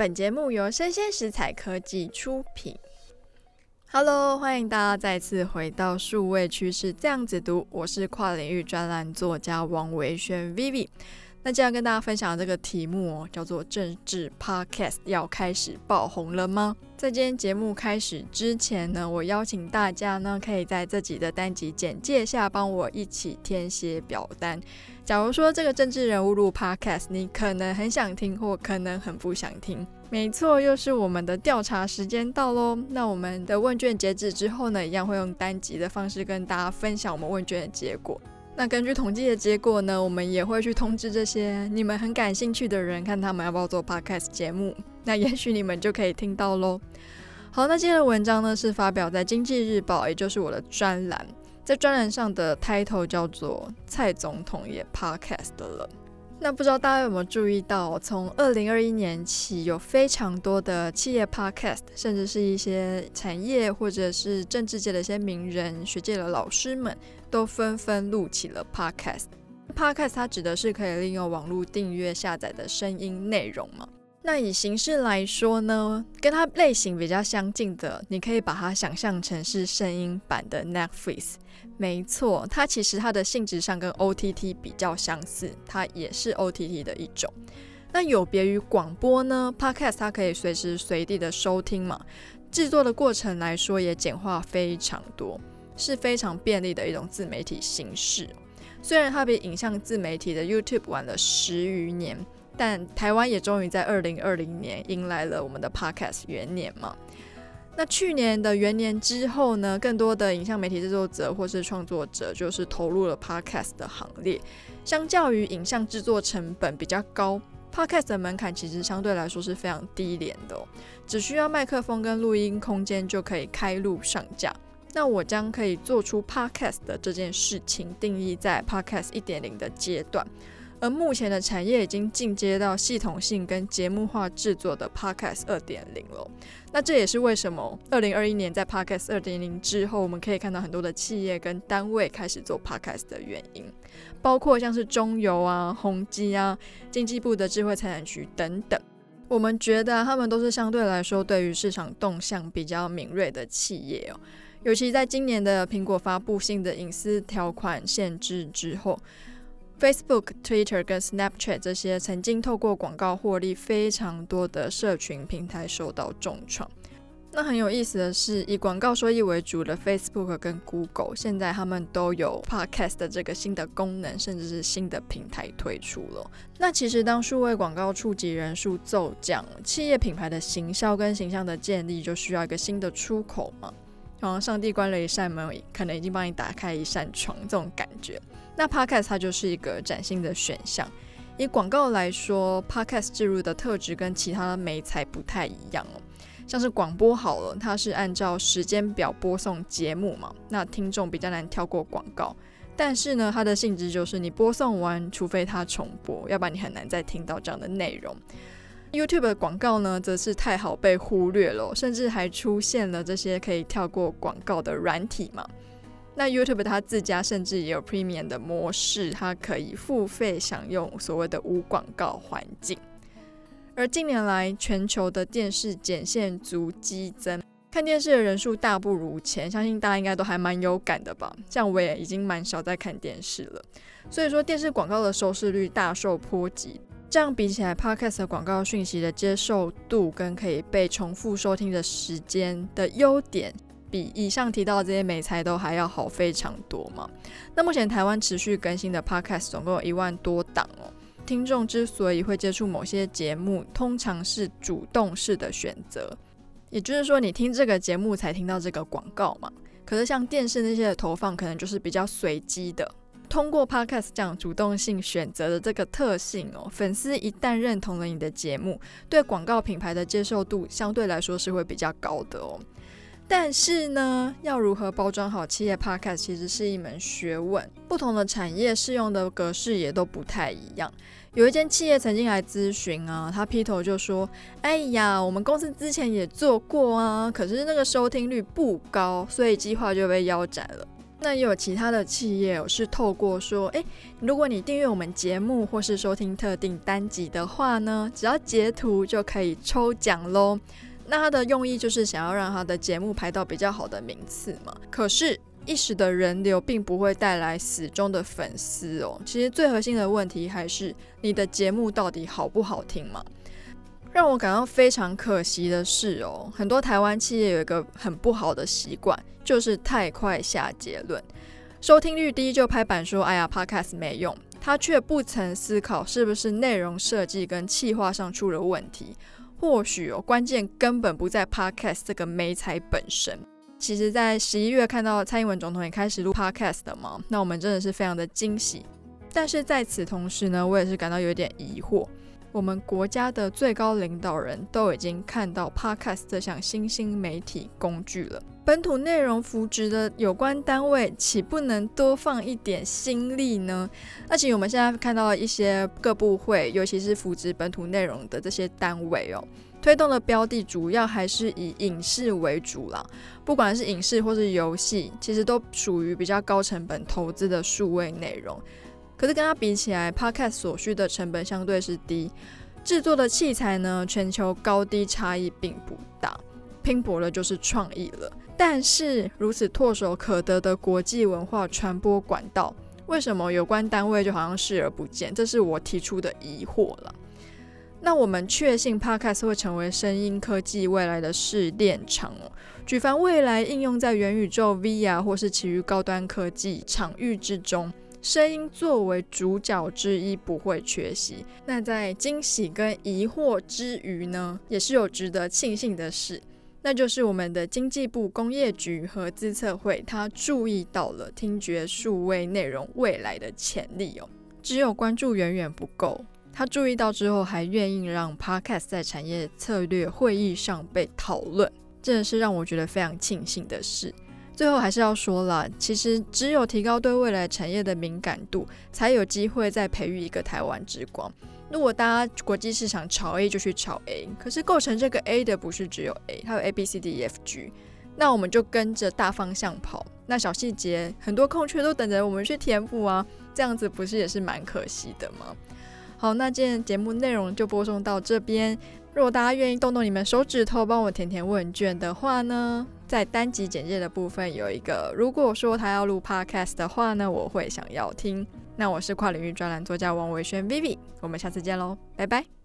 本節目由聲鮮時采科技出品。Hello，歡迎大家再次回到數位趨勢醬子讀，我是跨領域專欄作家王維軒 Vivi。那今天跟大家分享的這個題目哦，叫做《政治 Podcast》要開始爆紅了嗎？在今天節目開始之前呢，我邀請大家呢，可以在自己的單集簡介下幫我一起填寫表單。假如說這個政治人物錄 Podcast 你可能很想聽，或可能很不想聽，沒錯，又是我們的調查時間到嘍。那我們的問卷截止之後呢，一樣會用單集的方式跟大家分享我們問卷的結果。那根據統計的結果呢，我們也會去通知這些你們很感興趣的人，看他們要不要做 podcast 節目。那也許你們就可以聽到嘍。好，那今天的文章呢是發表在《經濟日報》，也就是我的專欄，在專欄上的 title 叫做“蔡總統也 podcast” 的了。那不知道大家有沒有注意到，從二零二一年起，有非常多的企業 podcast，甚至是一些產業或者是政治界的一些名人、學界的老師們都紛紛錄起了 podcast。Podcast 它指的是可以利用網絡訂閱下載的聲音內容嗎？那以形式來說呢，跟它類型比較相近的，你可以把它想象成是聲音版的 Netflix。沒錯，它其實它的性質上跟 OTT 比較相似，它也是 OTT 的一種。那有別於廣播呢，Podcast 它可以隨時隨地的收聽嘛。製作的過程來說也簡化非常多，是非常便利的一種自媒體形式。雖然它比影像自媒體的 YouTube 晚了十餘年。但台灣也終於在二零二零年迎來了我們的 Podcast 元年嘛。那去年的元年之後呢，更多的影像媒體製作者或是創作者就是投入了 Podcast 的行列。相較於影像製作成本比較高，Podcast 的門檻其實相對來說是非常低廉的哦，只需要麥克風跟錄音空間就可以開錄上架。那我將可以做出 Podcast 的這件事情定義在 Podcast 一點零的階段。而目前的產業已經進階到系統性跟節目化制作的 Podcast 2.0了，那這也是為什麼2021年在 Podcast 2.0之後，我們可以看到很多的企業跟單位開始做 Podcast 的原因，包括像是中油啊、宏基啊、經濟部的智慧財產局等等。我們覺得、啊、他們都是相對來說對於市場動向比較敏銳的企業哦、喔。尤其在今年的蘋果發布新的隱私條款限制之後。Facebook、Twitter 跟 Snapchat 這些曾經透過廣告獲利非常多的社群平台受到重創。那很有意思的是，以廣告收益為主的 Facebook 跟 Google，現在他們都有 Podcast 的這個新的功能，甚至是新的平台推出了。那其實當數位廣告觸及人數驟降，企業品牌的行銷跟形象的建立，就需要一個新的出口嘛？然後上帝關了一扇門，可能已經幫你打開一扇窗，這種感覺。那 Podcast 它就是一個嶄新的選項。以廣告來說，Podcast 置入的特質跟其他的媒材不太一樣哦。像是廣播好了，它是按照時間表播送節目嘛，那聽眾比較難跳過廣告。但是呢，它的性質就是你播送完，除非它重播，要不然你很難再聽到這樣的內容。YouTube 的廣告呢，則是太好被忽略了哦，甚至還出現了這些可以跳過廣告的軟體嘛。那 YouTube 它自家甚至也有 Premium 的模式，它可以付費享用所謂的無廣告環境。而近年來，全球的電視剪線族激增，看電視的人數大不如前，相信大家應該都還蠻有感的吧？像我也已經蠻少在看電視了，所以說電視廣告的收視率大受波及。這樣比起來，Podcast 的廣告訊息的接受度跟可以被重複收聽的時間的優點，比以上提到的這些媒材都還要好非常多嘛。那目前台灣持續更新的 Podcast 總共有一萬多檔哦。聽眾之所以會接觸某些節目，通常是主動式的選擇，也就是說你聽這個節目才聽到這個廣告嘛。可是像電視那些的投放，可能就是比較隨機的。通過 Podcast 這樣主動性選擇的這個特性哦，粉絲一旦認同了你的節目，對廣告品牌的接受度相對來說是會比較高的哦。但是呢，要如何包裝好企業 Podcast，其實是一門學問。不同的產業適用的格式也都不太一樣。有一間企業曾經來諮詢啊，他劈頭就說：“哎呀，我們公司之前也做過啊，可是那個收聽率不高，所以計劃就被腰斬了。”那也有其他的企業是透過說，誒、欸，如果你訂閱我們節目或是收聽特定單集的話呢，只要截圖就可以抽獎嘍。那它的用意就是想要讓他的節目排到比較好的名次嘛。可是一時的人流並不會帶來死忠的粉絲哦、喔。其實最核心的問題還是你的節目到底好不好聽嘛。讓我感到非常可惜的是哦，很多台灣企業有一個很不好的習慣，就是太快下結論。收聽率低就拍板說“哎呀，Podcast 沒用”，他卻不曾思考是不是內容設計跟企劃上出了問題。或許哦，關鍵根本不在 Podcast 這個媒材本身。其實，在十一月看到蔡英文總統也開始錄 Podcast 的嘛，那我們真的是非常的驚喜。但是在此同時呢，我也是感到有點疑惑。我們國家的最高領導人都已經看到 Podcast 這項新興媒體工具了，本土內容扶植的有關單位豈不能多放一點心力呢？而且我們現在看到了一些各部會，尤其是扶植本土內容的這些單位哦，推動的標的主要還是以影視為主啦。不管是影視或是遊戲，其實都屬於比較高成本投資的數位內容。可是跟它比起來 Podcast 所需的成本相對是低，製作的器材呢，全球高低差異並不大，拼搏了就是創意了。但是如此唾手可得的國際文化傳播管道，為什麼有關單位就好像視而不見？這是我提出的疑惑了。那我們確信 Podcast 會成為聲音科技未來的試煉場，舉凡未來應用在元宇宙、VR 或是其餘高端科技場域之中。聲音作為主角之一不會缺席。那在驚喜跟疑惑之餘呢，也是有值得慶幸的事，那就是我們的經濟部工業局和資策會，他注意到了聽覺數位內容未來的潛力哦。只有關注遠遠不夠，他注意到之後還願意讓 Podcast 在產業策略會議上被討論，真的是讓我覺得非常慶幸的事。最後還是要說了，其實只有提高對未來產業的敏感度，才有機會再培育一個台灣之光。如果大家國際市場炒 A 就去炒 A，可是構成這個 A 的不是只有 A，它有 A B C D E F G，那我們就跟着大方向跑，那小細節很多空缺都等着我們去填補啊，這樣子不是也是蠻可惜的嗎？好，那今天節目內容就播送到這邊，如果大家願意動動你們手指頭幫我填填問卷的話呢，在單集簡介的部分有一個，如果說他要錄 Podcast 的話呢，我會想要聽。那我是跨領域專欄作家王維軒 Vivi，我們下次見嘍，拜拜。